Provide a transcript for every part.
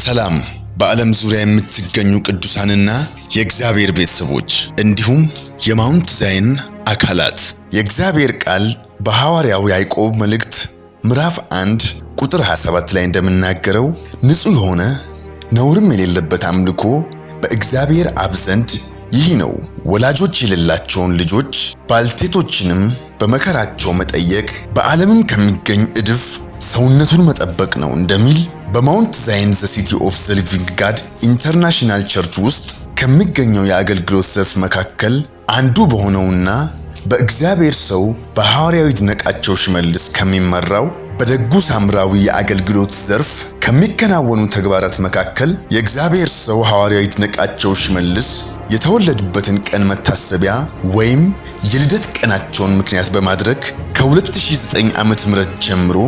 ሰላም በዓለም ዙሪያ የምትገኙ ቅዱሳንና የእግዚአብሔር ቤተሰቦች እንዲሁም የማውንት ዛይን አካላት የእግዚአብሔር ቃል በሐዋርያው ያዕቆብ መልእክት ምዕራፍ 1 ቁጥር 27 ላይ እንደምናገረው ንጹሕ የሆነ ነውርም የሌለበት አምልኮ በእግዚአብሔር አብ ዘንድ ይህ ነው፣ ወላጆች የሌላቸውን ልጆች ባልቴቶችንም በመከራቸው መጠየቅ በዓለምም ከሚገኝ እድፍ ሰውነቱን መጠበቅ ነው እንደሚል በማውንት ዛይን ዘ ሲቲ ኦፍ ዘ ሊቪንግ ጋድ ኢንተርናሽናል ቸርች ውስጥ ከሚገኘው የአገልግሎት ዘርፍ መካከል አንዱ በሆነውና በእግዚአብሔር ሰው በሐዋርያዊ ይድነቃቸው ሽመልስ ከሚመራው በደጉ ሳምራዊ የአገልግሎት ዘርፍ ከሚከናወኑ ተግባራት መካከል የእግዚአብሔር ሰው ሐዋርያዊ ይድነቃቸው ሽመልስ የተወለዱበትን ቀን መታሰቢያ ወይም የልደት ቀናቸውን ምክንያት በማድረግ ከ2009 ዓመተ ጀምሮ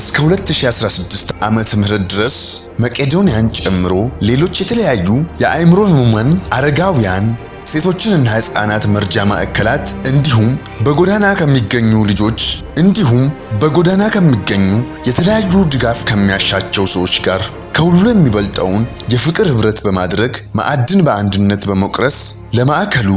እስከ 2016 ዓመተ ምህረት ድረስ መቄዶንያን ጨምሮ ሌሎች የተለያዩ የአእምሮ ህሙማን፣ አረጋውያን ሴቶችንና ህፃናት መርጃ ማዕከላት እንዲሁም በጎዳና ከሚገኙ ልጆች እንዲሁም በጎዳና ከሚገኙ የተለያዩ ድጋፍ ከሚያሻቸው ሰዎች ጋር ከሁሉ የሚበልጠውን የፍቅር ህብረት በማድረግ ማዕድን በአንድነት በመቁረስ ለማዕከሉ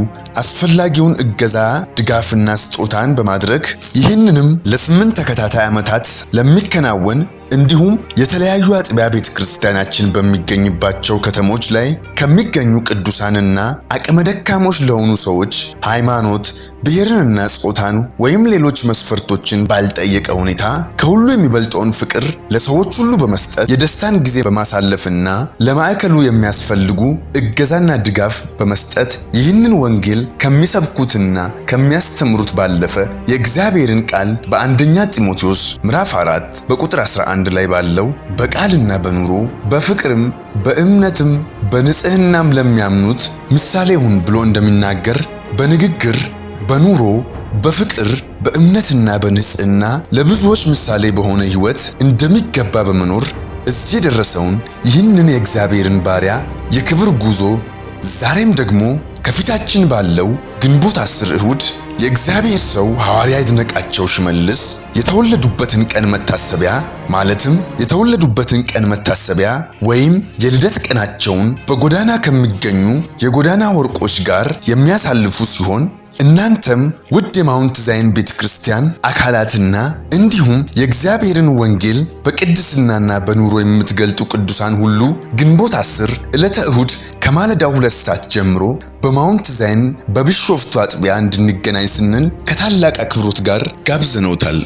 አስፈላጊውን እገዛ ድጋፍና ስጦታን በማድረግ ይህንንም ለስምንት ተከታታይ ዓመታት ለሚከናወን እንዲሁም የተለያዩ አጥቢያ ቤተ ክርስቲያናችን በሚገኝባቸው ከተሞች ላይ ከሚገኙ ቅዱሳንና አቅመ ደካሞች ለሆኑ ሰዎች ሃይማኖት፣ ብሔርንና ጾታን ወይም ሌሎች መስፈርቶችን ባልጠየቀ ሁኔታ ከሁሉ የሚበልጠውን ፍቅር ለሰዎች ሁሉ በመስጠት የደስታን ጊዜ በማሳለፍና ለማዕከሉ የሚያስፈልጉ እገዛና ድጋፍ በመስጠት ይህንን ወንጌል ከሚሰብኩትና ከሚያስተምሩት ባለፈ የእግዚአብሔርን ቃል በአንደኛ ጢሞቴዎስ ምዕራፍ 4 በቁጥር 11 አንድ ላይ ባለው በቃልና በኑሮ በፍቅርም በእምነትም በንጽህናም ለሚያምኑት ምሳሌ ሁን ብሎ እንደሚናገር በንግግር በኑሮ በፍቅር በእምነትና በንጽህና ለብዙዎች ምሳሌ በሆነ ህይወት እንደሚገባ በመኖር እዚህ የደረሰውን ይህንን የእግዚአብሔርን ባሪያ የክብር ጉዞ ዛሬም ደግሞ ከፊታችን ባለው ግንቦት አስር እሁድ የእግዚአብሔር ሰው ሐዋርያ ይድነቃቸው ሽመልስ የተወለዱበትን ቀን መታሰቢያ ማለትም የተወለዱበትን ቀን መታሰቢያ ወይም የልደት ቀናቸውን በጎዳና ከሚገኙ የጎዳና ወርቆች ጋር የሚያሳልፉ ሲሆን እናንተም ውድ የማውንት ዛይን ቤተ ክርስቲያን አካላትና እንዲሁም የእግዚአብሔርን ወንጌል በቅድስናና በኑሮ የምትገልጡ ቅዱሳን ሁሉ ግንቦት አስር ዕለተ እሁድ ከማለዳው ሁለት ሰዓት ጀምሮ በማውንት ዛይን በቢሾፍቱ አጥቢያ እንድንገናኝ ስንል ከታላቅ አክብሮት ጋር ጋብዘነውታል።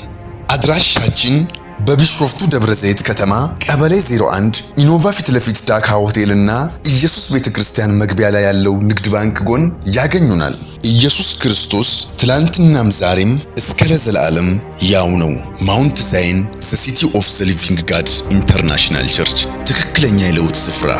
አድራሻችን በቢሾፍቱ ደብረ ዘይት ከተማ ቀበሌ 01 ኢኖቫ ፊት ለፊት ዳካ ና ኢየሱስ ቤተ ክርስቲያን መግቢያ ላይ ያለው ንግድ ባንክ ጎን ያገኙናል። ኢየሱስ ክርስቶስ ትላንትናም ዛሬም እስከ ለዘላለም ያው ነው። ማውንት ዛይን ዘ ሲቲ ኦፍ ዘ ሊቪንግ ጋድ ኢንተርናሽናል ቸርች ትክክለኛ የለውጥ ስፍራ